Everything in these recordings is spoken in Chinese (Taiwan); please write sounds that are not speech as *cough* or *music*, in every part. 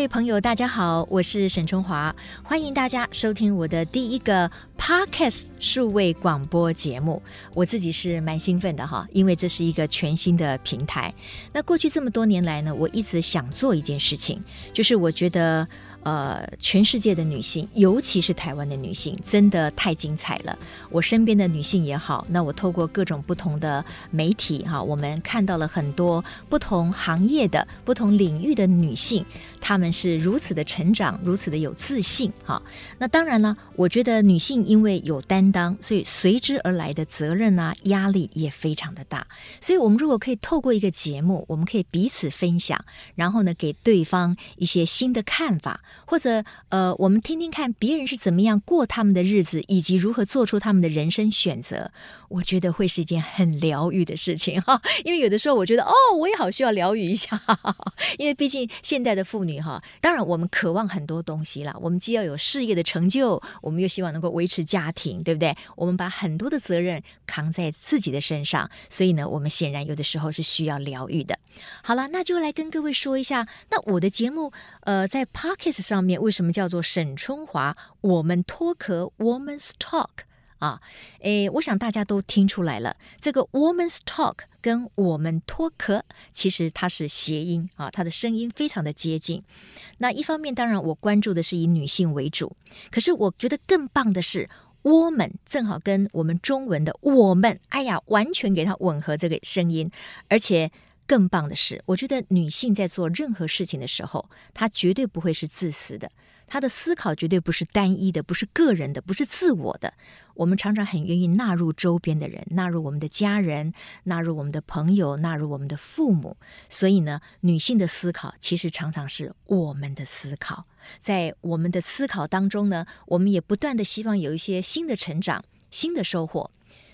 各位朋友，大家好，我是沈春華，歡迎大家收聽我的第一個 podcast 數位廣播節目。我自己是蠻興奮的哈，因為這是一個全新的平台。那過去這麼多年來呢，我一直想做一件事情，就是我覺得。呃，全世界的女性，尤其是台灣的女性，真的太精彩了。我身邊的女性也好，那我透過各種不同的媒體哈，我們看到了很多不同行業的、不同領域的女性，她們是如此的成長，如此的有自信哈。那當然呢，我覺得女性因為有擔當，所以隨之而來的責任啊，壓力也非常的大。所以，我們如果可以透過一個節目，我們可以彼此分享，然後呢，給對方一些新的看法。或者，呃，我們聽聽看別人是怎麼樣過他們的日子，以及如何做出他們的人生選擇，我覺得會是一件很療癒的事情哈。因為有的時候，我覺得哦，我也好需要療癒一下，哈哈，因為畢竟現代的婦女哈，當然我們渴望很多東西了，我們既要有事業的成就，我們又希望能夠維持家庭，對不對？我們把很多的責任扛在自己的身上，所以呢，我們顯然有的時候是需要療癒的。好了，那就來跟各位說一下，那我的節目，呃，在 Podcast。上面為什麼叫做沈春華？我們脫殼 woman's talk 啊，誒，我想大家都聽出來了，這個 woman's talk 跟我們脫殼其實它是諧音啊，它的聲音非常的接近。那一方面，當然我關注的是以女性為主，可是我覺得更棒的是 woman 正好跟我們中文的我們，哎呀，完全給它吻合這個聲音，而且。更棒的是，我覺得女性在做任何事情的時候，她絕對不會是自私的，她的思考絕對不是單一的，不是個人的，不是自我的。我們常常很願意納入周邊的人，納入我們的家人，納入我們的朋友，納入我們的父母。所以呢，女性的思考其實常常是我們的思考。在我們的思考當中呢，我們也不斷的希望有一些新的成長，新的收穫。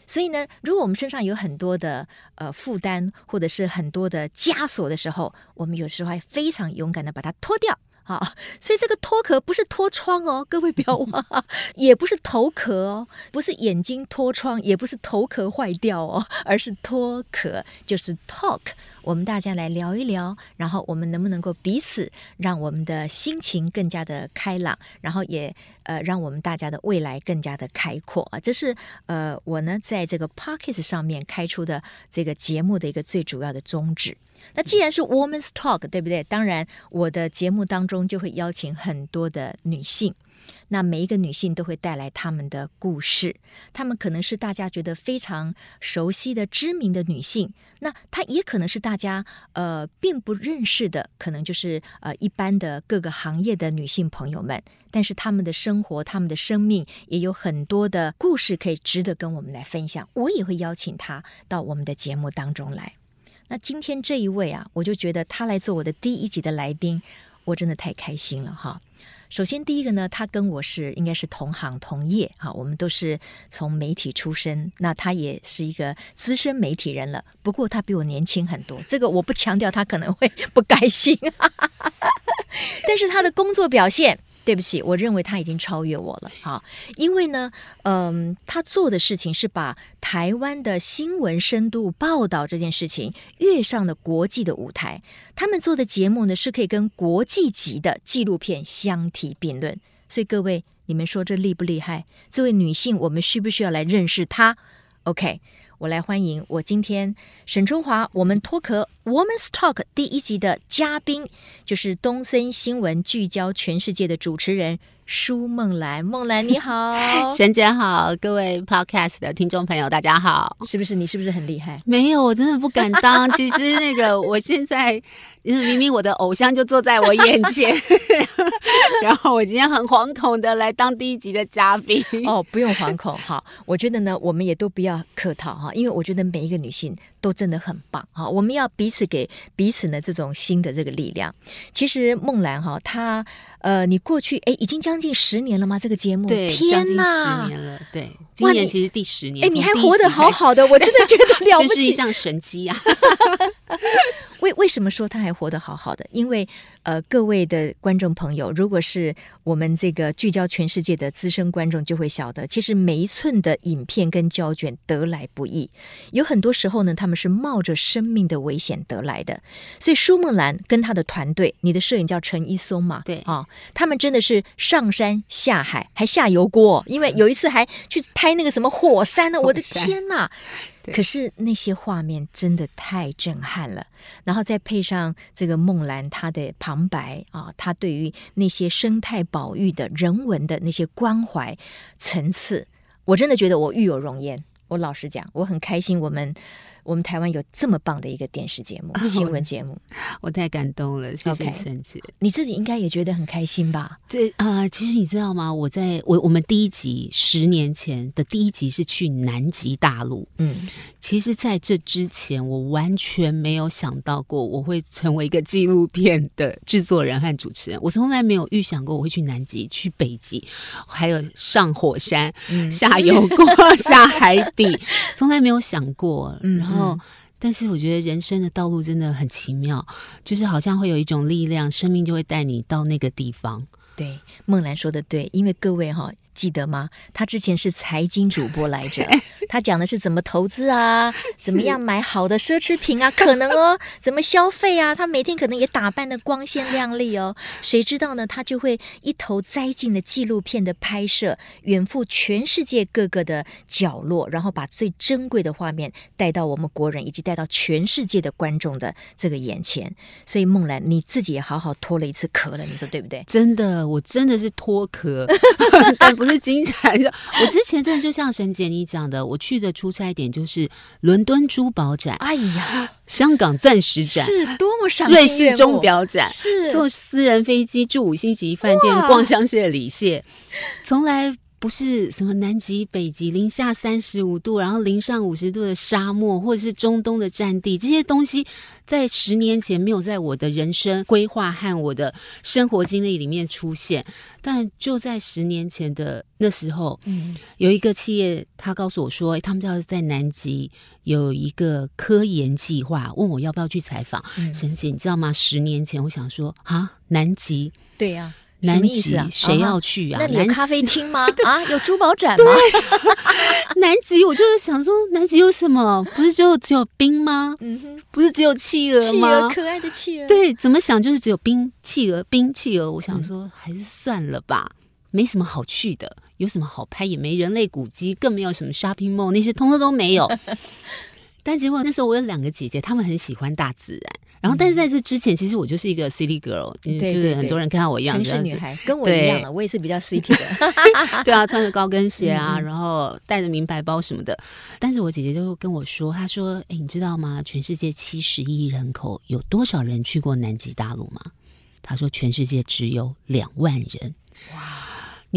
所以呢，如果我們身上有很多的呃負擔，或者是很多的枷鎖的時候，我們有時候還非常勇敢的把它脫掉好、啊，所以這個脫殼不是脫窗哦，各位不要忘了。 *laughs* 也不是頭殼哦，不是眼睛脫窗，也不是頭殼壞掉哦，而是脫殼，就是 talk。我們大家來聊一聊，然後我們能不能夠彼此讓我們的心情更加的開朗，然後也呃讓我們大家的未來更加的開闊啊！這是呃我呢在這個 pocket 上面開出的這個節目的一個最主要的宗旨。那既然是 Woman's Talk，對不對？當然我的節目當中就會邀請很多的女性。那每一個女性都會帶來她們的故事，她們可能是大家覺得非常熟悉的知名的女性，那她也可能是大家呃並不認識的，可能就是呃一般的各個行業的女性朋友們，但是她們的生活，她們的生命也有很多的故事可以值得跟我們來分享。我也會邀請她到我們的節目當中來。那今天這一位啊，我就覺得她來做我的第一集的來賓，我真的太開心了哈。首先，第一個呢，他跟我是應該是同行同業啊，我們都是從媒體出身，那他也是一個資深媒體人了。不過他比我年輕很多，這個我不強調，他可能會不開心。 *laughs* 但是他的工作表現。對不起，我認為他已經超越我了，哈，因為呢，嗯，他做的事情是把台灣的新聞深度報道這件事情躍上了國際的舞台，他們做的節目呢是可以跟國際級的紀錄片相提並論，所以各位，你們說這厲不厲害？這位女性，我們需不需要來認識她？OK。我來歡迎我今天沈春華，我們脫殼《Woman's Talk》第一集的嘉賓，就是東森新聞聚焦全世界的主持人。舒夢蘭，夢蘭你好，沈姐好，各位 Podcast 的聽眾朋友，大家好，是不是你？是不是很厲害？沒有，我真的不敢當。 *laughs* 其實那個，我現在明明我的偶像就坐在我眼前， *laughs* *laughs* 然後我今天很惶恐的來當第一集的嘉賓。哦，不用惶恐，好，我覺得呢，我們也都不要客套哈，因為我覺得每一個女性。都真的很棒啊！我們要彼此給彼此呢這種新的這個力量。其實夢蘭哈，她呃，你過去哎、欸，已經將近十年了嗎？這個節目，對，將哪近十年了。對，哇今年其實第十年，哎、欸，你還活得好好的，我真的覺得了不起，這是一項神蹟啊！為 *laughs* 為什麼說她還活得好好的？因為。呃，各位的觀眾朋友，如果是我們這個聚焦全世界的資深觀眾，就會曉得，其實每一寸的影片跟膠卷得來不易，有很多時候呢，他們是冒着生命的危險得來的。所以舒夢蘭跟他的團隊，你的攝影叫陳一松嘛，對啊，他們真的是上山下海，還下油鍋、哦，因為有一次還去拍那個什麼火山呢、啊，火山。我的天哪！對可是那些畫面真的太震撼了，然後再配上這個夢蘭她的旁白啊，她對於那些生態保育的、人文的那些關懷層次，我真的覺得我與有榮焉。我老實講，我很開心。我們。我們台灣有這麼棒的一個電視節目、新聞節目、oh, 我，我太感動了，謝謝、okay. 姐你自己應該也覺得很開心吧？對啊、呃，其實你知道嗎？我在我我們第一集，十年前的第一集是去南極大陸。嗯，其實在這之前，我完全沒有想到過我會成為一個紀錄片的制作人和主持人。我從來沒有預想過我會去南極、去北極，還有上火山、嗯、下油鍋、 *laughs* 下海底，從來沒有想過。嗯。嗯然後，但是我覺得人生的道路真的很奇妙，就是好像會有一種力量，生命就會帶你到那個地方。對，夢蘭說的對，因為各位哈、哦、記得嗎？她之前是財經主播來着， *laughs* 她講的是怎麼投資啊，怎麼樣買好的奢侈品啊， *laughs* 可能哦，怎麼消費啊？她每天可能也打扮得光鮮亮麗哦，誰知道呢？她就會一頭栽進了紀錄片的拍攝，遠赴全世界各個的角落，然後把最珍貴的畫面帶到我們國人以及帶到全世界的觀眾的這個眼前。所以夢蘭你自己也好好脫了一次殼了，你說對不對？真的。我真的是脫殼，但不是金蟬。 *laughs* 我之前真的就像沈姐你講的，我去的出差點就是倫敦珠寶展，哎呀，香港鑽石展，是多麼賞，瑞士鐘錶展，是坐私人飛機，住五星級飯店，哇逛香榭麗舍，從來。不是什麼南極、北極、零下三十五度，然後零上五十度的沙漠，或者是中東的戰地，這些東西在十年前沒有在我的人生規劃和我的生活經歷裡面出現。但就在十年前的那時候，嗯，有一個企業他告訴我說，他們要在南極有一個科研計劃，問我要不要去採訪。嗯，沈姐，你知道嗎？十年前，我想說啊，南極，對呀、啊。南極誰、啊、要去啊？Uh-huh, 那裡有咖啡廳嗎？南極 *laughs* 啊，有珠寶展嗎？ *laughs* 對，南極，我就是想說，南極有什麼？不是只有只有冰嗎？嗯哼，不是只有企鵝嗎？企鵝，可愛的企鵝。對，怎麼想就是只有冰、企鵝、冰、企鵝。我想說，還是算了吧，嗯、沒什麼好去的，有什麼好拍？也沒人類古蹟，更沒有什麼 shopping mall 那些，通通都沒有。 *laughs* 但結果那時候我有兩個姐姐，她們很喜歡大自然。然後，但是在這之前，其實我就是一個 city girl，就是很多人看到我一樣的，女孩、就是、跟我一樣的、啊，對我也是比較 city 的， *laughs* *laughs* 對啊，穿着高跟鞋啊，嗯嗯然後帶着名牌包什麼的。但是我姐姐就跟我說，她說：“哎，你知道嗎？全世界七十億人口，有多少人去過南極大陸嗎？”她說：“全世界只有兩萬人。”哇！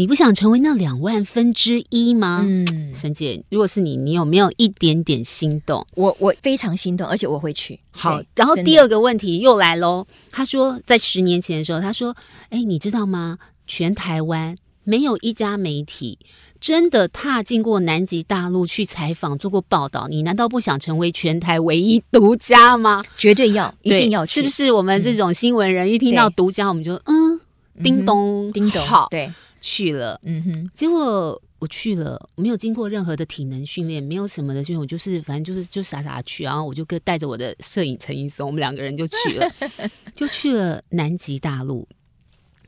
你不想成為那兩萬分之一嗎？嗯，沈姐，如果是你，你有沒有一點點心動？我我非常心動，而且我會去。好，然後第二個問題又來嘍。的他說，在十年前的時候，他說：“哎、欸，你知道嗎？全台灣沒有一家媒體真的踏進過南極大陸去採訪、做過報道。你難道不想成為全台唯一獨家嗎？”絕對要，對，一定要去。是不是我們這種新聞人、嗯、一聽到獨家，對我們就嗯，叮咚、嗯、哼好叮咚，好對。去了，嗯哼，結果我去了，沒有經過任何的體能訓練，沒有什麼的，就我就是反正就是就傻傻的去，然後我就跟帶着我的攝影陳一松，我們兩個人就去了， *laughs* 就去了南極大陸。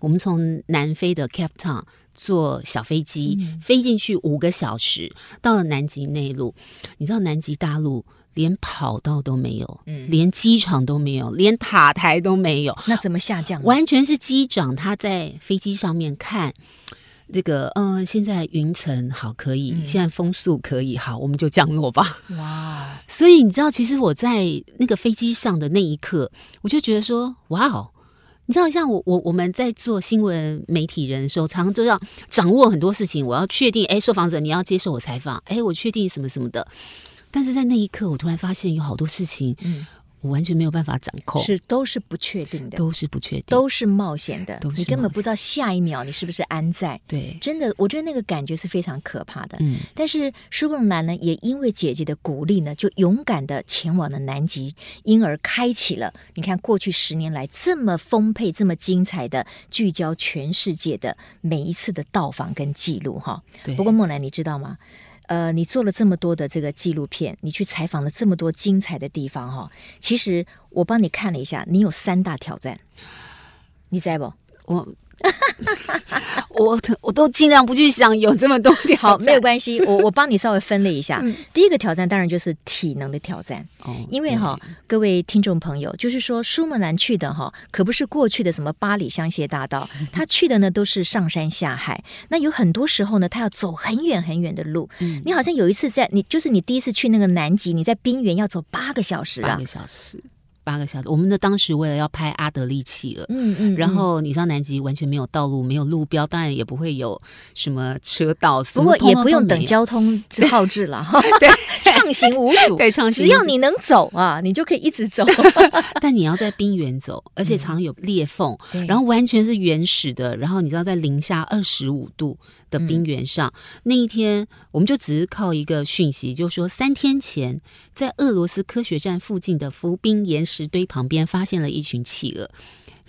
我們從南非的開普敦坐小飛機、嗯、哼飛進去五個小時，到了南極內陸。你知道南極大陸？連跑道都沒有，嗯，連機場都沒有，連塔台都沒有，那怎麼下降？完全是機長他在飛機上面看，這個，嗯，現在雲層好可以，嗯、現在風速可以，好，我們就降落吧。哇！所以你知道，其實我在那個飛機上的那一刻，我就覺得說，哇哦！你知道，像我我我們在做新聞媒體人的時候，常常都要掌握很多事情，我要確定，哎、欸，受訪者你要接受我採訪，哎、欸，我確定什麼什麼的。但是在那一刻，我突然發現有好多事情，嗯，我完全沒有辦法掌控，嗯、是都是不確定的，都是不確定，都是冒險的，都是險你根本不知道下一秒你是不是安在。對，真的，我覺得那個感覺是非常可怕的。嗯，但是舒夢蘭呢，也因為姐姐的鼓勵呢，就勇敢的前往了南極，因而開啟了你看過去十年來這麼豐沛、這麼精彩的聚焦全世界的每一次的到訪跟記錄。哈對，不過夢蘭，你知道嗎？呃，你做了這麼多的這個紀錄片，你去採訪了這麼多精彩的地方哈。其實我幫你看了一下，你有三大挑戰，你在不？我。 *laughs* *laughs* 我我都盡量不去想有這麼多挑戰。好，沒有關係。我我幫你稍微分類一下。嗯、第一個挑戰當然就是體能的挑戰，嗯、因為哈，對各位聽眾朋友，就是說舒夢蘭去的哈，可不是過去的什麼巴黎香榭大道，他 *laughs* 去的呢都是上山下海。那有很多時候呢，他要走很遠很遠的路。嗯、你好像有一次在你就是你第一次去那個南極，你在冰原要走八個小時。啊，八個小時。八個小時，我們的當時為了要拍阿德利企鵝，嗯，嗯嗯，然後你上南極完全沒有道路，沒有路標，當然也不會有什麼車道，不過也不用等交通標誌了，哈、嗯嗯嗯。暢行無阻， *laughs* 對，暢行無阻。只要你能走啊，你就可以一直走。 *laughs* *laughs* 但你要在冰原走，而且常常有裂縫，嗯、然後完全是原始的。然後你知道，在零下二十五度的冰原上，嗯、那一天，我們就只是靠一個訊息，就說三天前，在俄羅斯科學站附近的浮冰岩石堆旁邊，發現了一群企鵝。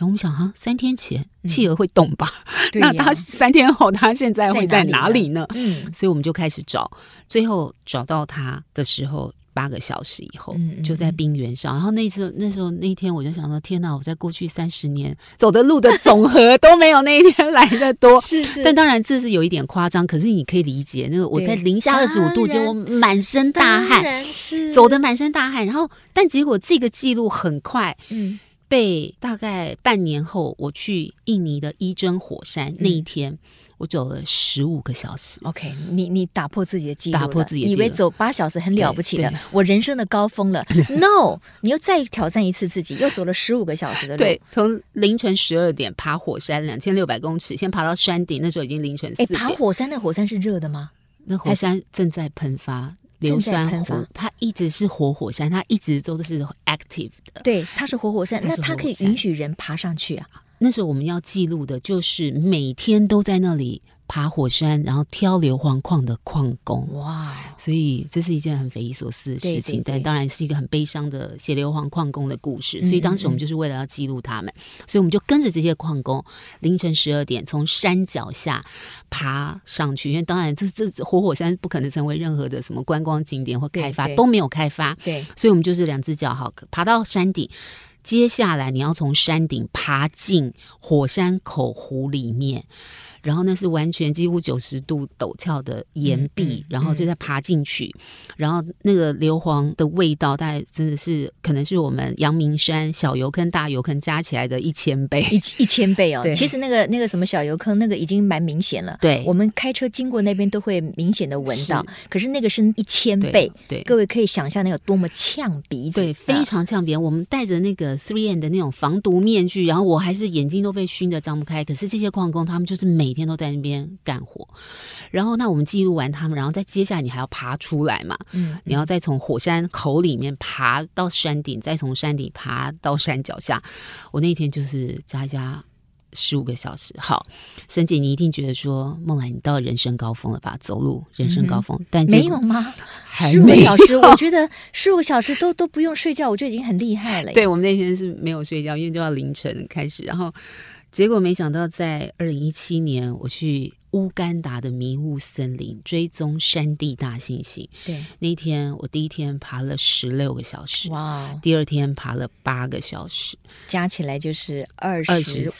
我們想哈、啊，三天前企鵝會動吧？嗯、那它三天後，它現在會在哪裡呢？嗯呢，所以我們就開始找，最後找到它的時候，八個小時以後，就在冰原上。嗯嗯然後那次，那時候那一天，我就想到，天哪！我在過去三十年走的路的總和都沒有那一天來得多。 *laughs* 是，是但當然這是有一點誇張，可是你可以理解那個我在零下二十五度間，我滿身大汗，是走的滿身大汗。然後，但結果這個記錄很快，嗯。對，大概半年後，我去印尼的伊真火山、嗯、那一天，我走了十五個小時。OK，你你打破自己的記錄，打破自己的記錄，以為走八小時很了不起的，我人生的高峰了。No，你又再挑戰一次自己， *laughs* 又走了十五個小時的路，對從凌晨十二點爬火山，兩千六百公尺，先爬到山頂，那時候已經凌晨4點。點。誒，爬火山那火山是熱的嗎？那火山正在噴發。硫酸湖，它一直是活火山，它一直都都是 active 的。對，它是活火山，它是活火山，那它可以允許人爬上去啊？那時候我們要記錄的就是每天都在那裡。爬火山，然後挑硫磺礦的礦工哇，Wow 所以這是一件很匪夷所思的事情，對對對，但當然是一個很悲傷的寫硫磺礦工的故事。所以當時我們就是為了要記錄他們，嗯嗯嗯，所以我們就跟着這些礦工，凌晨十二點從山腳下爬上去，因為當然這這活火、火山不可能成為任何的什麼觀光景點或開發，對對，都沒有開發，對，所以我們就是兩隻腳好爬到山頂，接下來你要從山頂爬進火山口湖裡面。然後那是完全幾乎九十度陡峭的岩壁，嗯嗯、然後就在爬進去，嗯、然後那個硫磺的味道，大概真的是可能是我們陽明山小油坑、大油坑加起來的一千倍，一一千倍哦。對。其實那個那個什麼小油坑那個已經蠻明顯了，對，我們開車經過那邊都會明顯的聞到，是可是那個是一千倍，對，對各位可以想象那有多麼嗆鼻子，對，非常嗆鼻、啊、我們戴着那個 3M 的那種防毒面具，然後我還是眼睛都被燻得張不開，可是這些礦工他們就是每每天都在那邊幹活，然後那我們記錄完他們，然後再接下來你還要爬出來嘛？嗯，你要再從火山口裡面爬到山頂，再從山頂爬到山腳下。我那天就是加一加十五個小時。好，沈姐，你一定覺得說夢蘭，你到人生高峰了吧？走路人生高峰，嗯、哼但沒有嗎？十五個小時，我覺得十五小時都都不用睡覺，我就已經很厲害了。對，我們那天是沒有睡覺，因為就要凌晨開始，然後。結果沒想到，在二零一七年，我去，烏干達的迷霧森林追蹤山地大猩猩。對，那天我第一天爬了十六個小時，哇！第二天爬了八個小時，加起來就是二十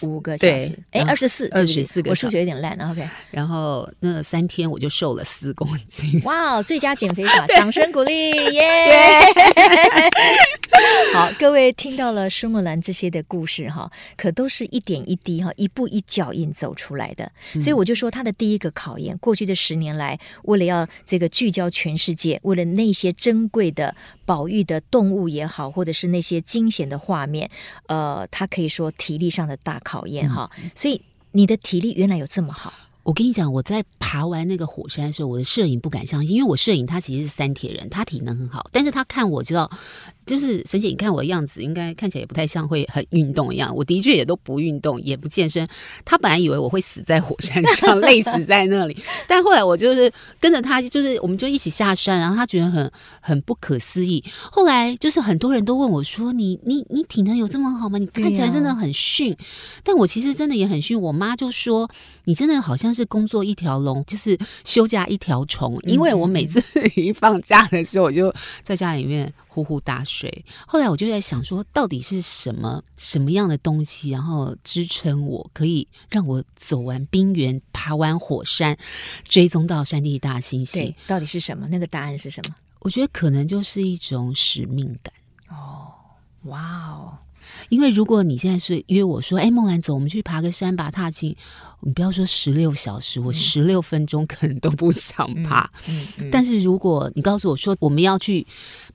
五個小時。哎，二十四，二十四個。我數學有點爛，OK。然後那三天我就瘦了四公斤。哇，最佳減肥法！掌聲鼓勵，耶！好，各位聽到了舒夢蘭這些的故事哈，可都是一點一滴哈，一步一腳印走出來的。所以我就說他。的第一個考驗，過去的十年來，為了要這個聚焦全世界，為了那些珍貴的、保育的動物也好，或者是那些驚險的畫面，呃，他可以說體力上的大考驗哈。嗯。所以你的體力原來有這麼好。我跟你講，我在爬完那個火山的時候，我的攝影不敢相信，因為我攝影他其實是三鐵人，他體能很好，但是他看我知道，就是沈姐，你看我的樣子，應該看起來也不太像會很運動一樣。我的確也都不運動，也不健身。他本來以為我會死在火山上，累死在那裡，但後來我就是跟着他，就是我們就一起下山，然後他覺得很很不可思議。後來就是很多人都問我說：“你你你體能有這麼好嗎？”你看起來真的很遜，但我其實真的也很遜。我媽就說：“你真的好像。”是工作一條龍，就是休假一條蟲。因為我每次一放假的時候，我就在家裡面呼呼大睡。後來我就在想說，到底是什麼什麼樣的東西，然後支撐我可以讓我走完冰原、爬完火山、追蹤到山地大猩猩？對，到底是什麼？那個答案是什麼？我覺得可能就是一種使命感。哦，哇哦！因為如果你現在是約我說，哎，欸，夢蘭走，我們去爬個山，吧踏青，你不要說十六小時，我十六分鐘可能都不想爬。嗯，但是如果你告訴我說我們要去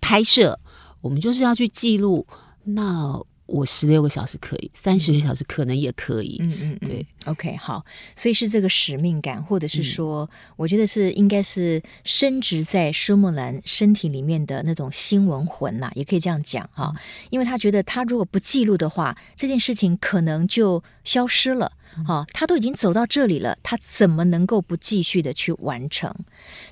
拍攝，我們就是要去記錄，那。我十六個小時可以，三十個小時可能也可以。嗯嗯嗯，嗯嗯對，OK，好，所以是這個使命感，或者是說，嗯、我覺得是應該是深植在舒夢蘭身體裡面的那種新聞魂吶、啊，也可以這樣講哈，嗯、因為他覺得他如果不記錄的話，這件事情可能就消失了。好、哦，他都已經走到這裡了，他怎麼能夠不繼續的去完成？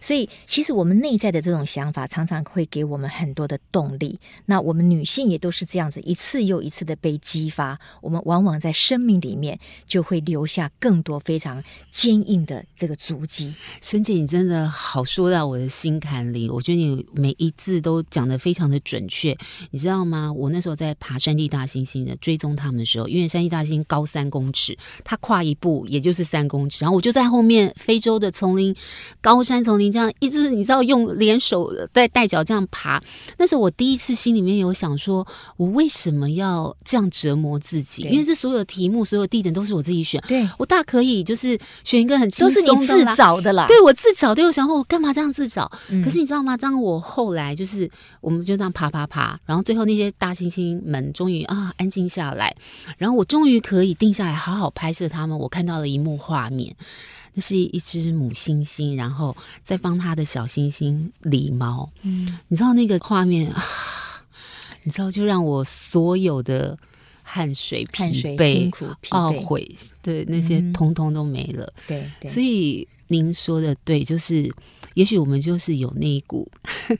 所以，其實我們內在的這種想法常常會給我們很多的動力。那我們女性也都是這樣子，一次又一次的被激發。我們往往在生命裡面就會留下更多非常堅硬的這個足跡。沈姐，你真的好說到我的心坎裡，我覺得你每一字都講得非常的準確。你知道嗎？我那時候在爬山地大猩猩的追蹤他們的時候，因為山地大猩猩高三公尺，跨一步也就是三公尺，然後我就在後面非洲的叢林、高山叢林這樣一直，你知道用連手在帶、帶腳這樣爬。那時候我第一次心裡面有想說，我為什麼要這樣折磨自己？Okay. 因為這所有題目、所有地點都是我自己選，對我大可以就是選一個很輕鬆的啦。都是你自找的啦，對我自找。對我想說，我幹嘛這樣自找？嗯、可是你知道嗎？當我後來就是，我們就這樣爬爬爬、爬，然後最後那些大猩猩們終於啊安靜下來，然後我終於可以定下來好好拍。是他們，我看到了一幕畫面，那是一隻母猩猩，然後在幫他的小猩猩理毛。嗯，你知道那個畫面、啊，你知道就讓我所有的汗水疲、汗水辛苦疲憊、懊悔，對那些通通都沒了。嗯、對，對。所以您說的對，就是也許我們就是有那一股。呵呵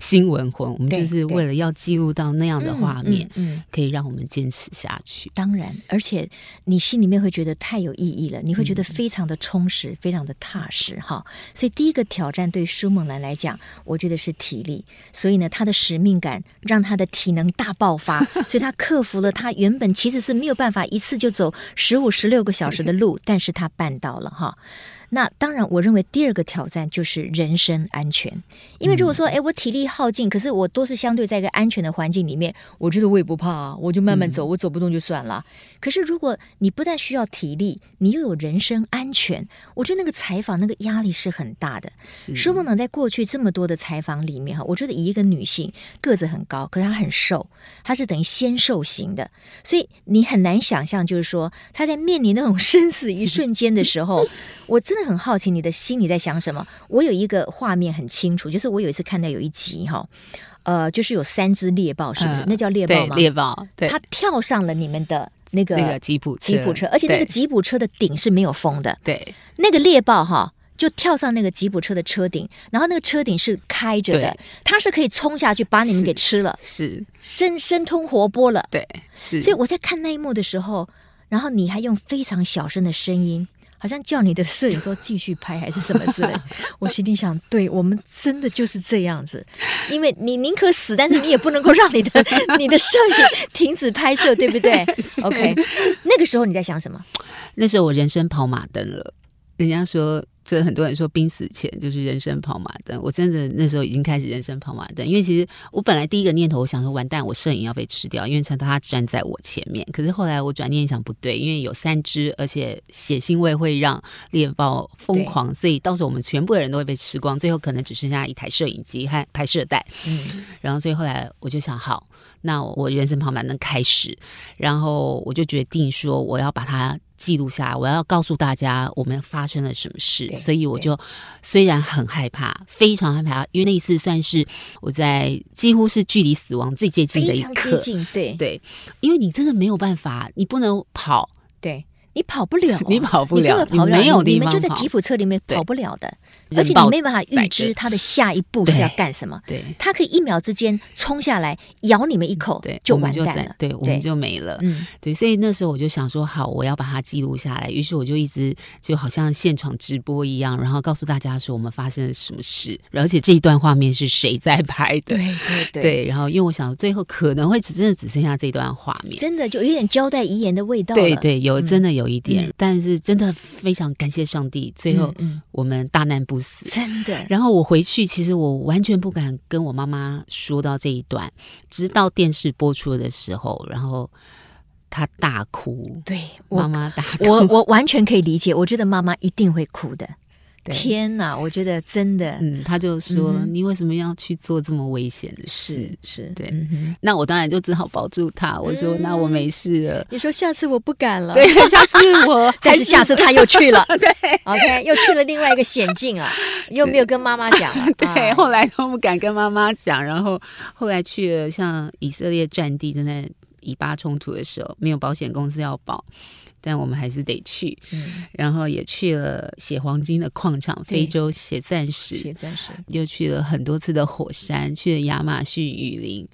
新聞魂，我們就是為了要記錄到那樣的畫面，對對嗯嗯嗯、可以讓我們堅持下去。當然，而且你心裡面會覺得太有意義了，你會覺得非常的充實，嗯、非常的踏實哈。所以第一個挑戰對舒夢蘭來講，我覺得是體力。所以呢，他的使命感讓他的體能大爆發， *laughs* 所以他克服了他。原本其實是沒有辦法一次就走十五、十六個小時的路， *laughs* 但是他辦到了哈。那當然，我認為第二個挑戰就是人身安全。因為如果說，哎，我體力耗盡，可是我都是相對在一個安全的環境裡面，我覺得我也不怕，我就慢慢走，我走不動就算了。嗯、可是如果你不但需要體力，你又有人身安全，我覺得那個採訪那個壓力是很大的。舒夢是蘭在過去這麼多的採訪裡面哈，我覺得以一個女性個子很高，可是她很瘦，她是等於纖瘦型的，所以你很難想象，就是說她在面臨那種生死一瞬間的時候， *laughs* 我真。真的很好奇，你的心裡在想什麼？我有一個畫面很清楚，就是我有一次看到有一集哈，呃，就是有三隻獵豹，是不是？呃、那叫獵豹嗎？獵豹，對它跳上了你們的那個那個吉普車吉普車，而且那個吉普車的頂是沒有封的。對，那個獵豹哈，就跳上那個吉普車的車頂，然後那個車頂是開着的，對它是可以衝下去把你們給吃了，是生生吞活剝了。對，是。所以我在看那一幕的時候，然後你還用非常小聲的聲音。好像叫你的攝影說繼續拍還是什麼之類，我心裡想，對我們真的就是這樣子，因為你寧可死，但是你也不能夠讓你的你的攝影停止拍攝，對不對？OK，那個時候你在想什麼？那時候我人生跑馬燈了，人家說。真的很多人說，瀕死前就是人生跑馬燈。我真的那時候已經開始人生跑馬燈，因為其實我本來第一個念頭，我想說，完蛋，我攝影要被吃掉，因為想到他站在我前面。可是後來我轉念一想，不對，因為有三隻，而且血腥味會讓獵豹瘋狂，對所以到時候我們全部的人都會被吃光，最後可能只剩下一台攝影機還拍攝帶。嗯，然後所以後來我就想，好，那我人生跑馬燈開始，然後我就決定說，我要把它。記錄下來，我要告訴大家我們發生了什麼事。對所以我就雖然很害怕，對非常害怕，因為那一次算是我在幾乎是距離死亡最接近的一刻。非常接近。對對，因為你真的沒有辦法，你不能跑。對。你跑不了、啊，你跑不了，你根跑、啊、你，沒有你們就在吉普車裡面跑不了的，對而且你沒辦法預知它的下一步是要幹什麼，對，對它可以一秒之間衝下來咬你們一口，對，就完蛋了，對，我們，對對，我們就沒了，對嗯，對，所以那時候我就想說，好，我要把它記錄下來，於是我就一直就好像現場直播一樣，然後告訴大家說我們發生了什麼事，而且這一段畫面是誰在拍的，對對對，對，然後因為我想說最後可能會只真的只剩下這一段畫面，真的就有點交代遺言的味道，對對，有真的有。有一點，嗯、但是真的非常感謝上帝，嗯、最後我們大難不死，嗯、真的。然後我回去，其實我完全不敢跟我媽媽說到這一段，直到電視播出的時候，然後她大哭，對，媽媽大哭，我我，我完全可以理解，我覺得媽媽一定會哭的。天哪，我覺得真的，嗯，他就說你為什麼要去做這麼危險的事？是對，那我當然就只好保住他。我說那我沒事了。你說下次我不敢了，對，下次我，但是下次他又去了，對，OK，又去了另外一個險境啊。又沒有跟媽媽講？對，後來都不敢跟媽媽講。然後後來去了像以色列戰地，正在以巴衝突的時候，沒有保險公司要保。但我們還是得去，嗯，然後也去了寫黃金的礦場，對非洲寫鑽石，寫鑽石，又去了很多次的火山，去了亞馬遜雨林，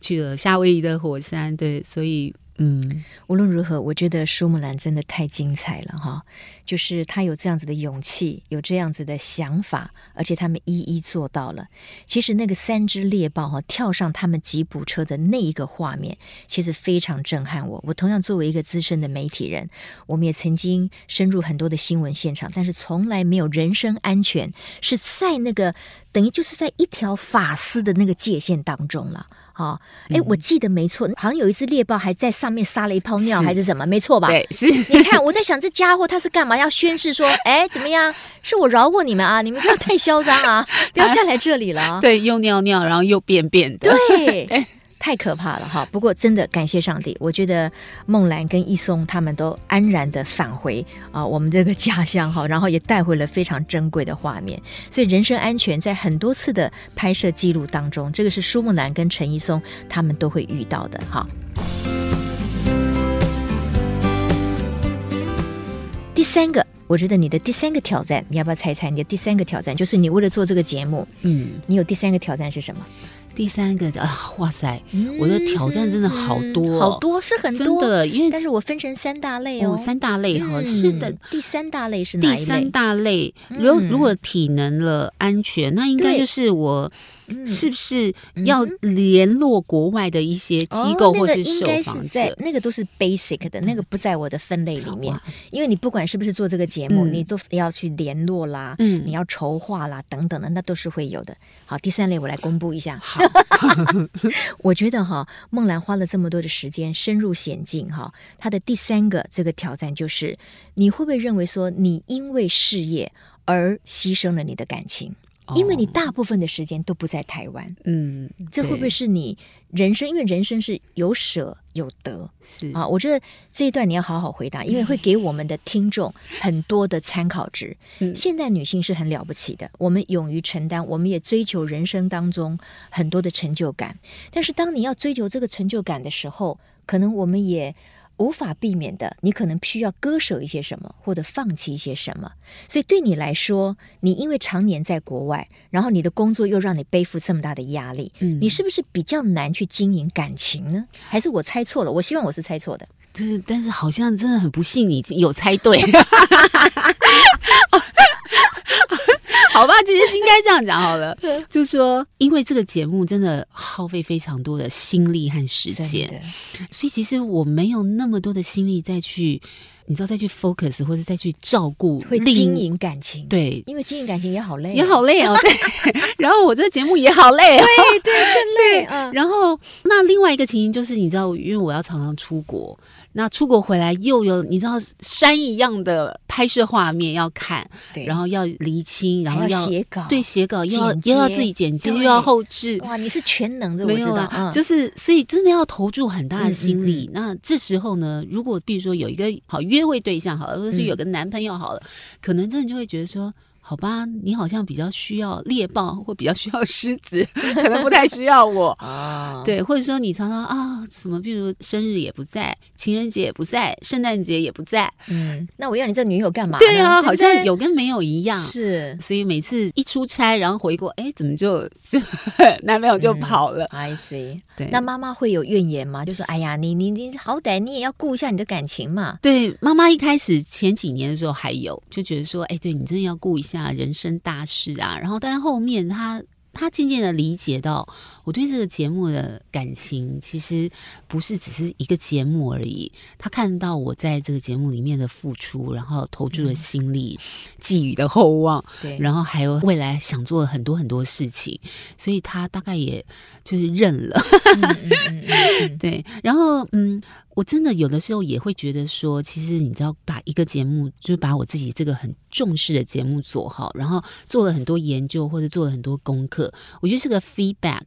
去了夏威夷的火山，對，所以。嗯，無論如何，我覺得舒夢蘭真的太精彩了哈！就是他有這樣子的勇氣，有這樣子的想法，而且他們一一做到了。其實那個三隻獵豹哈跳上他們吉普車的那一個畫面，其實非常震撼我。我同樣作為一個資深的媒體人，我們也曾經深入很多的新聞現場，但是從來沒有人身安全是在那個等於就是在一條髮絲的那個界限當中了。好，哎、哦，欸、嗯、我記得沒錯，好像有一次獵豹還在上面撒了一泡尿，還是什麼？是沒錯吧？對，是你看，我在想這家伙他是幹嘛？要宣示說，哎、 *laughs* 欸，怎麼樣？是我饒過你們啊，你們不要太囂張啊，不要再來這裡了、啊啊。對，又尿尿，然後又便便的。對。欸太可怕了哈！不過真的感謝上帝，我覺得夢蘭跟一松他們都安然的返回啊，我們這個家鄉哈，然後也帶回了非常珍貴的畫面。所以人身安全在很多次的拍攝記錄當中，這個是舒夢蘭跟陳一松他們都會遇到的哈。第三個，我覺得你的第三個挑戰，你要不要猜一猜你的第三個挑戰？就是你為了做這個節目，嗯，你有第三個挑戰是什麼？第三個啊，哇塞，我的挑戰真的好多，哦嗯嗯，好多，是很多真的，因為但是我分成三大類哦，嗯，三大類哈，嗯，是的，第三大類是哪一類？第三大類，如果如果體能了，嗯，安全，那應該就是我。是不是要聯絡國外的一些機構或是受訪者，嗯嗯，哦那個、在那個都是 basic 的，嗯、那個不在我的分類裡面。啊、因為你不管是不是做這個節目，嗯、你都要去聯絡啦，嗯，你要籌劃啦等等的，那都是會有的。好，第三類我來公布一下。我覺得哈、哦，夢蘭花了這麼多的時間深入險境哈、哦，她的第三個這個挑戰就是，你會不會認為說你因為事業而犧牲了你的感情？因為你大部分的時間都不在台灣，嗯，這會不會是你人生？對因為人生是有舍有得，是啊，我覺得這一段你要好好回答，因為會給我們的聽眾很多的參考值。 *laughs* 現代女性是很了不起的，我們勇於承擔，我們也追求人生當中很多的成就感。但是當你要追求這個成就感的時候，可能我們也。無法避免的，你可能需要割捨一些什麼，或者放棄一些什麼。所以對你來說，你因為常年在國外，然後你的工作又讓你背負這麼大的壓力，嗯，你是不是比較難去經營感情呢？還是我猜錯了？我希望我是猜錯的。就是，但是好像真的很不幸，你有猜對。 *laughs* *laughs* 好吧，其實應該這樣講好了。 *laughs* 就說，因為這個節目真的耗費非常多的心力和時間，的所以其實我沒有那麼多的心力再去，你知道再去 focus 或者再去照顧，會經營感情。對，因為經營感情也好累、啊，也好累、啊、對， *laughs* 然後我這個節目也好累、啊 *laughs* 對，對對更累啊。然後那另外一個情形就是，你知道，因為我要常常出國。那出國回來又有你知道山一樣的拍攝畫面要看，對然後要釐清，然後要,要寫稿，對，寫稿接又要又要自己剪輯，對又要後置。哇，你是全能的，沒有啊？嗯、就是所以真的要投注很大的心力。嗯嗯嗯那這時候呢，如果比如說有一個好約會對象，好了，或者是有個男朋友好了，嗯、可能真的就會覺得說。好吧，你好像比較需要獵豹，或比較需要獅子，可能不太需要我 *laughs* 啊。對，或者說你常常啊，什麼，比如生日也不在，情人節也不在，聖誕節也不在，嗯，那我要你這女友幹嘛？對啊，好像有跟沒有一樣。是，所以每次一出差，然後回國，哎、欸，怎麼就就男朋友就跑了。嗯，I see。對，那媽媽會有怨言嗎？就說，哎呀，你你你好歹你也要顧一下你的感情嘛。對，媽媽一開始前幾年的時候還有，就覺得說，哎、欸，對你真的要顧一下。啊，人生大事啊！然後，但是後面他他漸漸的理解到，我對這個節目的感情其實不是只是一個節目而已。他看到我在這個節目裡面的付出，然後投注了心力，寄、嗯、予的厚望，對，然後還有未來想做很多很多事情，所以他大概也就是認了。 *laughs* 嗯嗯嗯嗯、對，然後嗯。我真的有的時候也會覺得說，其實你知道，把一個節目，就是把我自己這個很重視的節目做好，然後做了很多研究或者做了很多功課，我覺得這個 feedback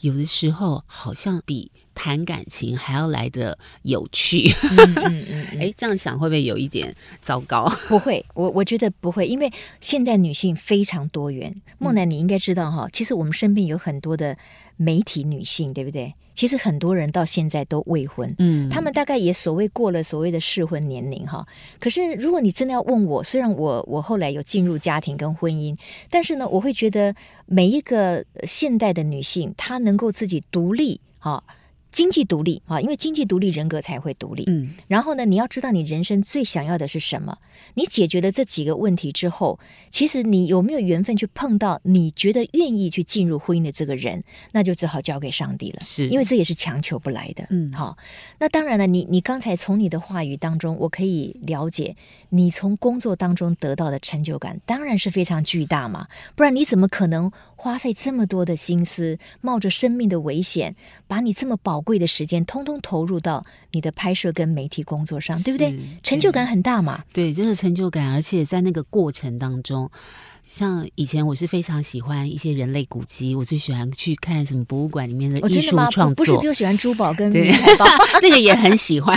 有的時候好像比談感情還要來得有趣，嗯 *laughs* 嗯，哎、嗯嗯，這樣想會不會有一點糟糕？不會，我我覺得不會，因為現在女性非常多元。夢蘭、嗯，你應該知道哈，其實我們身邊有很多的媒體女性，對不對？其實很多人到現在都未婚，嗯，她們大概也所謂過了所謂的適婚年齡哈。可是如果你真的要問我，雖然我我後來有進入家庭跟婚姻，但是呢，我會覺得每一個現代的女性，她能夠自己獨立哈。經濟獨立啊，因為經濟獨立，人格才會獨立。嗯，然後呢，你要知道你人生最想要的是什麼。你解決的這幾個問題之後，其實你有沒有緣分去碰到你覺得願意去進入婚姻的這個人，那就只好交給上帝了。是，因為這也是強求不來的。嗯，好。哦。那當然了，你你剛才從你的話語當中，我可以了解你從工作當中得到的成就感，當然是非常巨大嘛。不然你怎麼可能？花費這麼多的心思，冒着生命的危險，把你這麼寶貴的時間，通通投入到你的拍攝跟媒體工作上，對不對？成就感很大嘛。對，真的成就感，而且在那個過程當中，像以前我是非常喜歡一些人類古蹟，我最喜歡去看什麼博物館裡面的藝術創作，我我不是就喜歡珠寶跟名牌包對 *laughs* *laughs* 那個也很喜歡。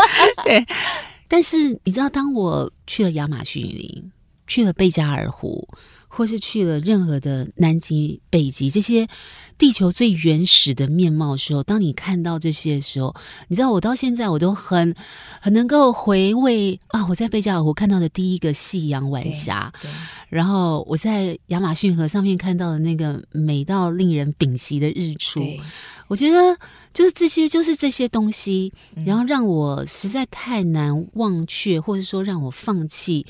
*laughs* 對，對但是你知道，當我去了亞馬遜雨林，去了貝加爾湖。或是去了任何的南極、北極這些地球最原始的面貌的時候，當你看到這些的時候，你知道我到現在我都很很能夠回味啊！我在貝加爾湖看到的第一個夕陽晚霞，然後我在亞馬遜河上面看到的那個美到令人屏息的日出，對我覺得就是這些，就是這些東西，然後讓我實在太難忘卻，或是說讓我放棄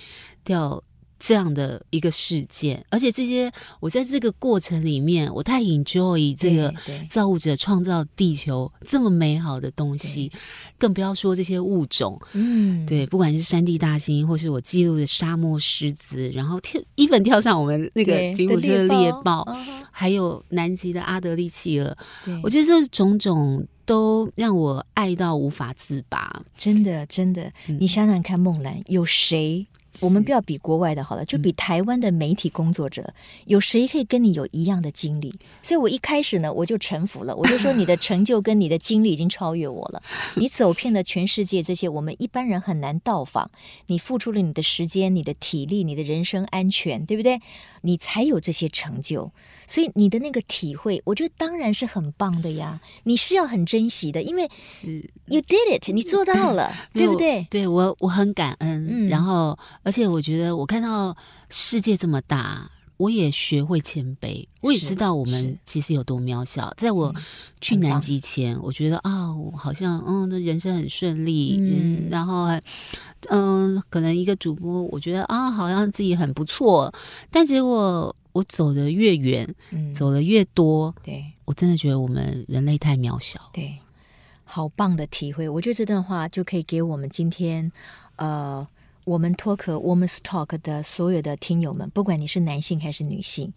掉。這樣的一個事件，而且這些我在這個過程裡面，我太 enjoy 這個造物者創造地球這麼美好的東西，更不要說這些物種，嗯，對，不管是山地大猩猩，或是我記錄的沙漠獅子，然後跳，一本跳上我們那個吉普車的獵豹，豹還有南極的阿德利企鵝，對我覺得這種種都讓我愛到無法自拔，真的，真的，你想想看孟，夢蘭有誰？我們不要比國外的好了，是就比台灣的媒體工作者，嗯、有誰可以跟你有一樣的經歷？所以，我一開始呢，我就臣服了，我就說你的成就跟你的經歷已經超越我了。 *laughs* 你走遍了全世界這些，我們一般人很難到訪。你付出了你的時間、你的體力、你的人身安全，對不對？你才有這些成就，所以你的那個體會，我覺得當然是很棒的呀。你是要很珍惜的，因為是 you did it，、嗯、你做到了，有對不對？對我我很感恩，嗯、然後。而且我覺得，我看到世界這麼大，我也學會謙卑，我也知道我們其實有多渺小。在我去南極前，嗯、我覺得啊、哦，我好像嗯，人生很順利，嗯，嗯然後嗯，可能一個主播，我覺得啊、哦，好像自己很不錯，但結果我走的越遠，嗯、走的越多，對我真的覺得我們人類太渺小，對，好棒的體會。我覺得這段話就可以給我們今天呃。我們脫殼 Woman's Talk 的所有的聽友們，不管你是男性還是女性，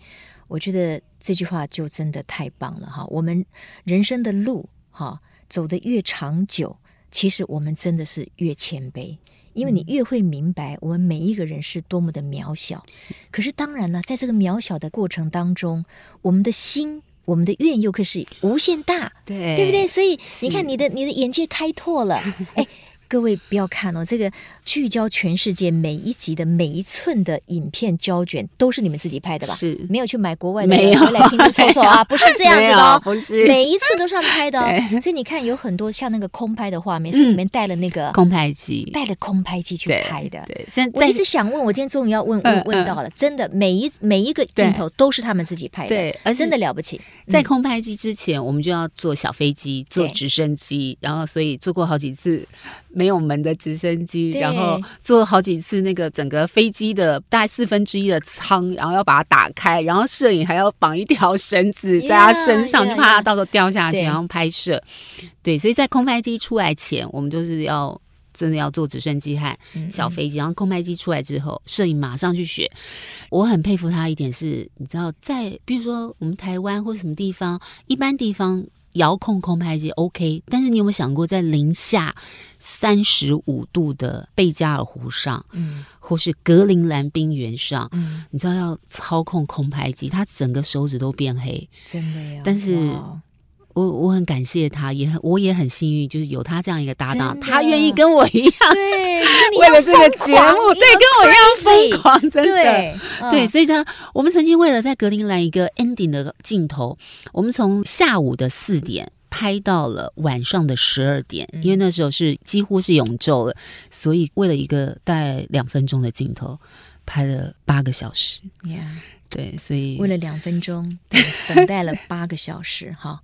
我覺得這句話就真的太棒了哈！我們人生的路哈，走得越長久，其實我們真的是越謙卑，因為你越會明白我們每一個人是多麼的渺小。是，可是當然了，在這個渺小的過程當中，我們的心，我們的願又可是無限大，對，對不對？所以你看，你的是你的眼界開拓了，哎 *laughs* 各位不要看哦，這個聚焦全世界每一集的每一寸的影片膠卷都是你們自己拍的吧？是，沒有去買國外的。沒有來，聽聽瞅瞅啊，不是這樣子的哦，不是每一寸都是他們拍的哦。所以你看，有很多像那個空拍的畫面，是你們帶了那個空拍機，帶了空拍機去拍的。對，我一直想問，我今天終於要問問問到了，真的每一每一個鏡頭都是他們自己拍的，而真的了不起。在空拍機之前，我們就要坐小飛機、坐直升機，然後所以坐過好幾次。沒有門的直升機，對然後坐好幾次那個整個飛機的大概四分之一的艙，然後要把它打開，然後攝影還要綁一條繩子在他身上，yeah, yeah, 就怕他到時候掉下去，對然後拍攝。對，所以在空拍機出來前，我們就是要真的要做直升機和小飛機。嗯嗯，然後空拍機出來之後，攝影馬上去學。我很佩服他一點是，你知道在，在比如說我們台灣或什麼地方，一般地方。遙控空拍機 OK，但是你有沒有想過，在零下三十五度的貝加爾湖上，嗯，或是格陵蘭冰原上，嗯，你知道要操控空拍機，它整個手指都變黑，真的呀，但是。我我很感謝他，也很我也很幸運，就是有他這樣一個搭檔，他願意跟我一樣，對，為了這個節目，對，跟我一樣瘋狂，真的，對，所以他，我們曾經為了在格林蘭一個 ending 的鏡頭，我們從下午的四點拍到了晚上的十二點，因為那時候是幾乎是永晝了，所以為了一個大概兩分鐘的鏡頭，拍了八個小時，Yeah，對，所以為了兩分鐘，對，等待了八個小時，哈。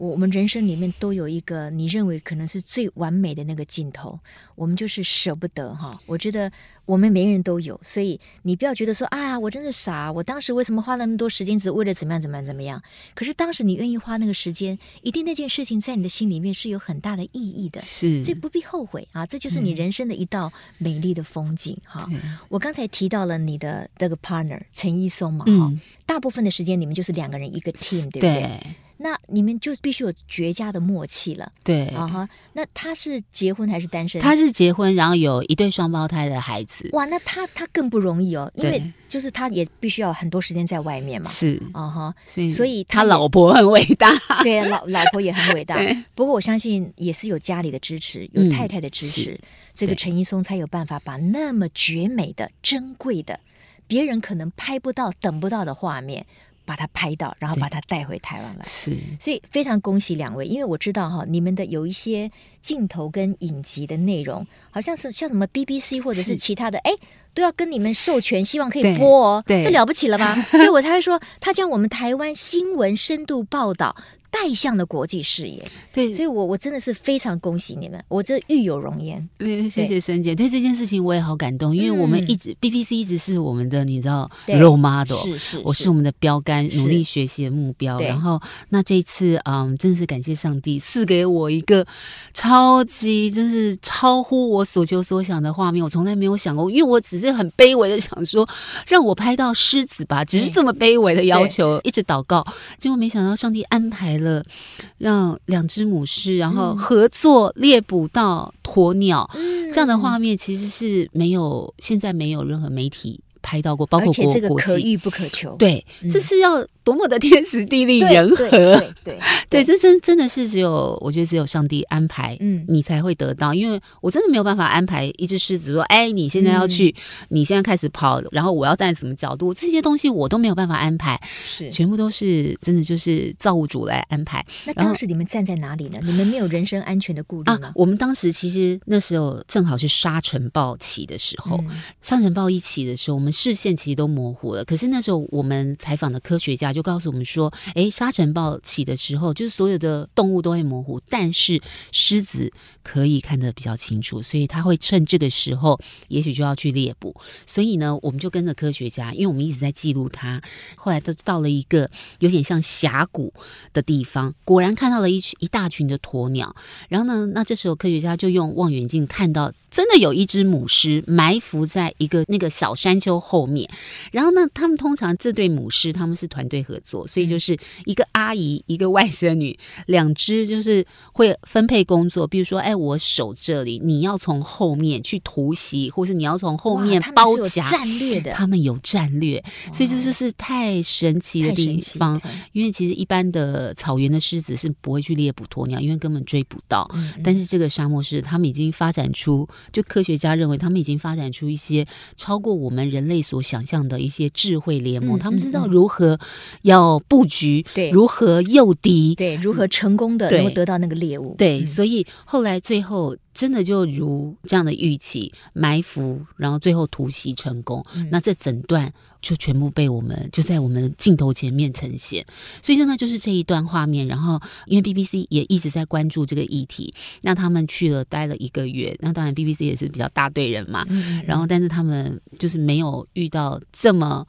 我我們人生裡面都有一個你認為可能是最完美的那個鏡頭，我們就是捨不得哈。我覺得我們每個人都有，所以你不要覺得說啊，我真的傻，我當時為什麼花那麼多時間，只為了怎麼樣怎麼樣怎麼樣？可是當時你願意花那個時間，一定那件事情在你的心裡面是有很大的意義的，是，所以不必後悔啊。這就是你人生的一道美麗的風景哈，嗯啊。我剛才提到了你的那個 partner 陳一松嘛，嗯，大部分的時間你們就是兩個人一個 team，對不對？.那你們就必須有絕佳的默契了，對啊哈。Uh-huh, 那他是結婚還是單身？他是結婚，然後有一對雙胞胎的孩子。哇，那他他更不容易哦，對因為就是他也必須要很多時間在外面嘛，是啊哈。Uh-huh, 所以他，他老婆很偉大，對，老老婆也很偉大。 *laughs* 對不過我相信也是有家裡的支持，有太太的支持，嗯、這個陳一松才有辦法把那麼絕美的、珍貴的、別人可能拍不到、等不到的畫面。把他拍到，然後把他帶回台灣來。是，所以非常恭喜兩位，因為我知道哈、哦，你們的有一些鏡頭跟影集的內容，好像是像什麼 BBC 或者是其他的，哎是，都要跟你們授權，希望可以播、哦對。對，這了不起了吧？ *laughs* 所以我才會說，他將我們台灣新聞深度報道。帶向的國際視野，對，所以我我真的是非常恭喜你們，我這與有榮焉。對對謝謝沈姐，對這件事情我也好感動，因為我們一直、嗯、BBC 一直是我們的，你知道 role model，是是，我是我們的標桿，是努力學習的目標。對然後那這一次，嗯，真的是感謝上帝賜給我一個超級，真是超乎我所求所想的畫面。我從來沒有想過，因為我只是很卑微的想說，讓我拍到獅子吧，只是這麼卑微的要求，一直禱告，結果沒想到上帝安排了，讓兩隻母獅然後合作，獵捕到鴕鳥，嗯、這樣的畫面其實是沒有，現在沒有任何媒體拍到過，包括國可遇不可求，國際，嗯、對，這是要。多麼的天時地利人和，對對對，對，對，對，這真真的是只有我覺得只有上帝安排，嗯，你才會得到，因為我真的沒有辦法安排一只獅子說，哎，你現在要去，嗯、你現在開始跑，然後我要站在什麼角度，這些東西我都沒有辦法安排，是，全部都是真的就是造物主來安排。是後那當時你們站在哪裡呢？你們沒有人身安全的顧慮啊，我們當時其實那時候正好是沙塵暴起的時候，嗯、沙塵暴一起的時候，我們視線其實都模糊了。可是那時候我們採訪的科學家。就告訴我們說，哎，沙塵暴起的時候，就是所有的動物都會模糊，但是獅子可以看得比較清楚，所以它會趁這個時候，也許就要去獵捕。所以呢，我們就跟着科學家，因為我們一直在記錄它。後來，到到了一個有點像峽谷的地方，果然看到了一一大群的鴕鳥。然後呢，那這時候科學家就用望遠鏡看到，真的有一隻母獅埋伏在一個那個小山丘後面。然後呢，他們通常這對母獅，他們是團隊。合作，所以就是一個阿姨，嗯、一個外甥女，兩隻就是會分配工作。比如說，哎，我守這裡，你要從後面去突襲，或是你要從後面包夾。戰略的，他們有戰略，所以這就是太神奇的地方。因為其實一般的草原的獅子是不會去獵捕鴕鳥，因為根本追不到。嗯、但是這個沙漠是，他們已經發展出，就科學家認為他們已經發展出一些超過我們人類所想象的一些智慧聯盟。嗯、他們知道如何。要布局對、嗯，對如何誘敵，對如何成功的，能夠得到那個獵物，對。對嗯、所以後來最後真的就如這樣的預期，埋伏，然後最後突襲成功。嗯、那這整段就全部被我們就在我們鏡頭前面呈現。所以現在就是這一段畫面。然後因為 BBC 也一直在關注這個議題，那他們去了待了一個月。那當然 BBC 也是比較大隊人嘛，嗯嗯，然後但是他們就是沒有遇到這麼。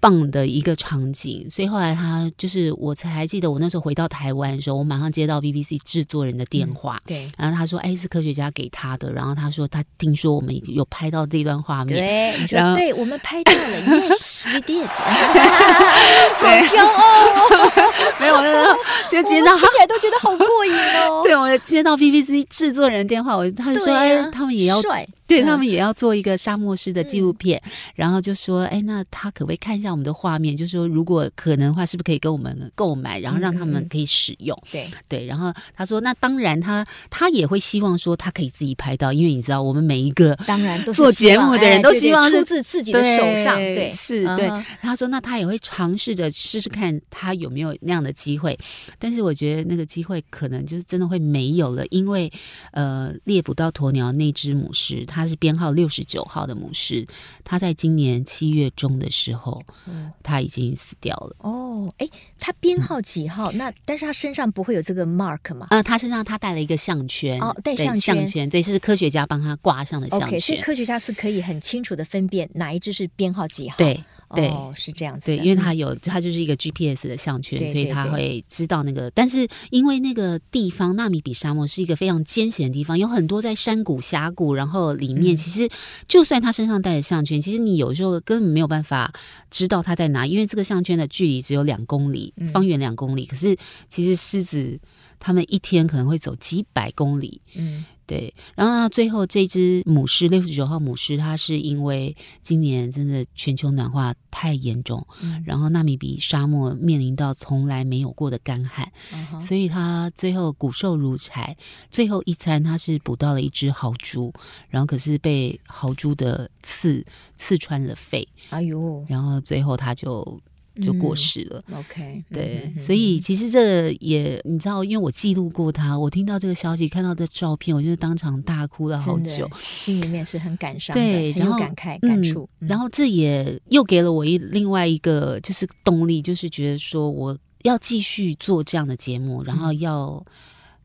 棒的一個場景，所以後來他就是我才還記得，我那時候回到台灣的時候，我馬上接到 BBC 制作人的電話，嗯、對，然後他說，哎、欸，是科學家給他的，然後他說他聽說我們已經有拍到這段畫面，對,後對，我們拍到了，Yes we did，好驕傲哦，對 *laughs* 沒有，沒有。就接到聽起來都覺得好過癮哦，對，我接到 BBC 制作人的電話，我他就說、啊哎、他們也要。對，他們也要做一個沙漠獅的紀錄片，嗯、然後就說，哎，那他可不可以看一下我們的畫面？就說如果可能的話，是不是可以跟我們購買，然後讓他們可以使用？嗯、對對。然後他說，那當然他，他他也會希望說他可以自己拍到，因為你知道，我們每一個當然做節目的人都希望出自自己的手上。哎、對，對，對，是，對。嗯、哼他說，那他也會嘗試着試試看，他有沒有那樣的機會。但是我覺得那個機會可能就是真的會沒有了，因為呃，獵捕到鴕鳥那只母獅，它。他是編號六十九號的母獅，他在今年七月中的時候，嗯、他已經死掉了。哦，哎、欸，他編號幾號？嗯、那但是他身上不會有這個 mark 嗎？啊、呃，他身上他帶了一個項圈，哦，帶項圈，對，這是科學家幫他掛上的項圈。Okay, 所以科學家是可以很清楚的分辨哪一隻是編號幾號。對。對、哦，是這樣子。對，因為它有，它就是一個 GPS 的項圈，嗯、對對對，所以它會知道那個。但是因為那個地方納米比沙漠是一個非常艱險的地方，有很多在山谷、峽谷，然後裡面、嗯、其實就算他身上帶着項圈，其實你有時候根本沒有辦法知道他在哪，因為這個項圈的距離只有兩公里，方圓兩公里。嗯、可是其實獅子。他們一天可能會走幾百公里，嗯，對。然後呢，最後這只母獅六十九號母獅，它是因為今年真的全球暖化太嚴重，嗯、然後納米比沙漠面臨到從來沒有過的乾旱，嗯、哼所以它最後骨瘦如柴。最後一餐，它是捕到了一只豪豬，然後可是被豪豬的刺刺穿了肺，哎呦！然後最後它就。就過世了。嗯、OK，對，嗯、哼所以其實這也你知道，因為我記錄過他，我聽到這個消息，看到這照片，我就當場大哭了好久，心裡面是很感傷，對，然後感慨感觸。然後這也又給了我一另外一個就是動力，嗯、就是覺得說我要繼續做這樣的節目，然後要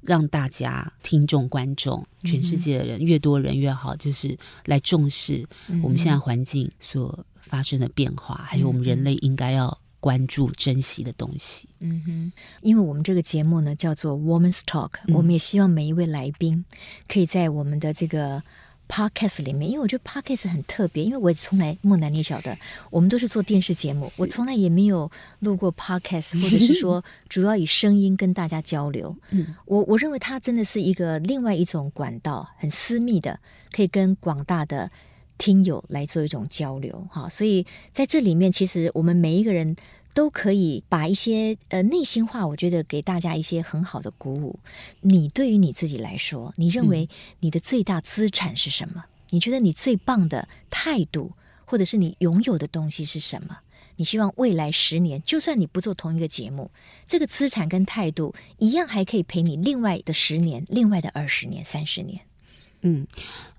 讓大家聽眾眾、聽眾、嗯哼、觀眾、全世界的人越多人越好，就是來重視我們現在環境所發生的變化，嗯、哼還有我們人類應該要。關注珍惜的東西。嗯哼，因為我們這個節目呢叫做 Woman's Talk，S、嗯、我們也希望每一位來賓可以在我們的這個 podcast 裡面，因為我覺得 podcast 很特別，因為我從來莫楠你也曉得，我們都是做電視節目，是我從來也沒有錄過 podcast，或者是說主要以聲音 *laughs* 跟大家交流。嗯，我我認為它真的是一個另外一種管道，很私密的，可以跟廣大的。聽友來做一種交流，哈，所以在這裡面，其實我們每一個人都可以把一些呃內心話，我覺得給大家一些很好的鼓舞。你對於你自己來說，你認為你的最大資產是什麼？嗯、你覺得你最棒的態度，或者是你擁有的東西是什麼？你希望未來十年，就算你不做同一個節目，這個資產跟態度一樣，還可以陪你另外的十年、另外的二十年、三十年。嗯，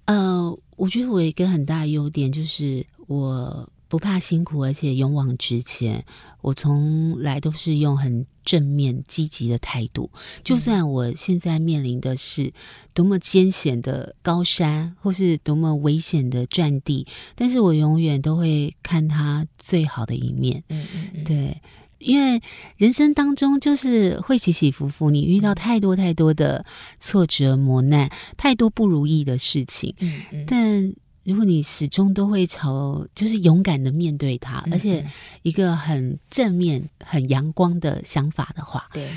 呃，我覺得我有一個很大的優點，就是我不怕辛苦，而且勇往直前。我從來都是用很正面、積極的態度，就算我現在面臨的是多麼艱險的高山，或是多麼危險的戰地，但是我永遠都會看它最好的一面。嗯嗯嗯，對。因為人生當中就是會起起伏伏，你遇到太多太多的挫折磨難，太多不如意的事情。嗯嗯，但如果你始終都會朝就是勇敢的面對它，而且一個很正面、很陽光的想法的話，對，嗯嗯，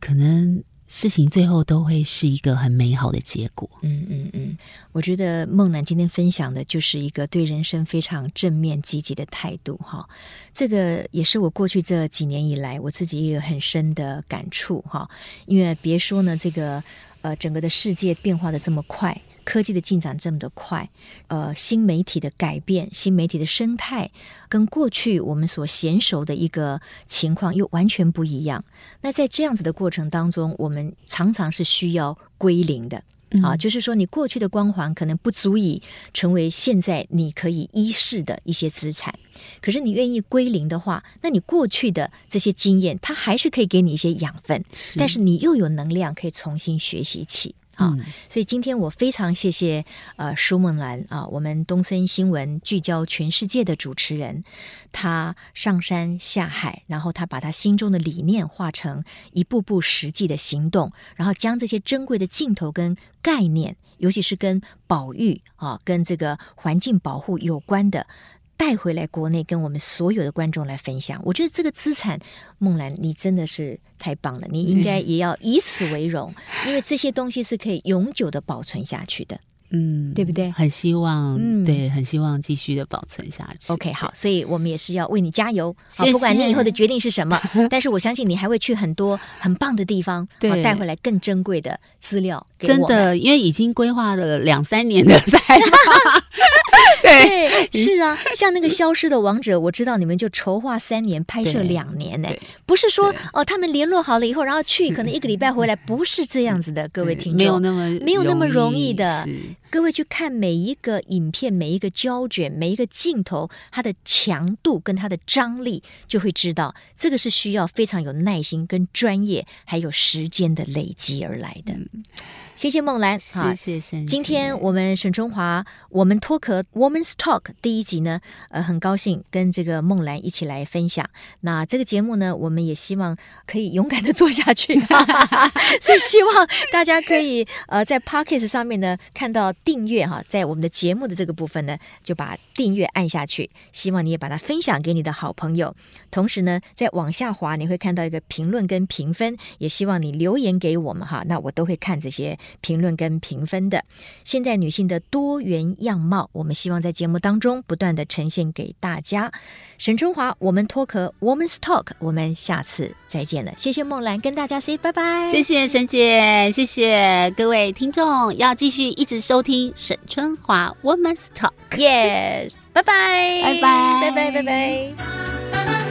可能。事情最後都會是一個很美好的結果。嗯嗯嗯，我覺得夢蘭今天分享的就是一個對人生非常正面積極的態度哈。這個也是我過去這幾年以來我自己一個很深的感觸哈。因為別說呢，這個呃，整個的世界變化的這麼快。科技的進展這麼的快，呃，新媒體的改變、新媒體的生態，跟過去我們所嫻熟的一個情況又完全不一樣。那在這樣子的過程當中，我們常常是需要歸零的啊，就是說你過去的光環可能不足以成為現在你可以依恃的一些資產。可是你願意歸零的話，那你過去的這些經驗，它還是可以給你一些養分。是，但是你又有能量可以重新學習起。啊，嗯、所以今天我非常謝謝呃，舒夢蘭啊，我們東森新聞聚焦全世界的主持人，他上山下海，然後他把他心中的理念化成一步步實際的行動，然後將這些珍貴的鏡頭跟概念，尤其是跟保育啊，跟這個環境保護有關的。帶回來國內跟我們所有的觀眾來分享，我覺得這個資產，夢蘭你真的是太棒了，你應該也要以此為榮，嗯，因為這些東西是可以永久的保存下去的。嗯，對不對？很希望，對，很希望繼續的保存下去。OK，好，所以我們也是要為你加油。好，不管你以後的決定是什麼，但是我相信你還會去很多很棒的地方，帶回來更珍貴的資料。真的，因為已經規劃了兩三年的在。對，是啊，像那個消失的王者，我知道你們就籌劃三年，拍攝兩年呢。不是說哦，他們聯絡好了以後，然後去可能一個禮拜回來，不是這樣子的。各位聽眾，沒有那麼沒有那麼容易的。各位去看每一個影片，每一個膠卷，每一個鏡頭，它的強度跟它的張力，就會知道這個是需要非常有耐心，跟專業，還有時間的累積而來的。嗯謝謝夢蘭，謝謝。今天我們沈春華，我們脫殼《Woman's Talk》第一集呢，呃，很高興跟這個夢蘭一起來分享。那這個節目呢，我們也希望可以勇敢的做下去， *laughs* *laughs* 所以希望大家可以呃，在 Podcast 上面呢看到訂閱哈、啊，在我們的節目的這個部分呢，就把訂閱按下去。希望你也把它分享給你的好朋友。同時呢，在往下滑你會看到一個評論跟評分，也希望你留言給我們哈、啊，那我都會看這些。評論跟評分的，現代女性的多元樣貌，我們希望在節目當中不斷的呈現給大家。沈春華，我們脫殼，Woman's Talk，我們下次再見了。謝謝夢蘭，跟大家 say 拜拜。謝謝沈姐，謝謝各位聽眾，要繼續一直收聽沈春華 Woman's Talk。Yes，拜拜，拜拜，拜拜，拜拜。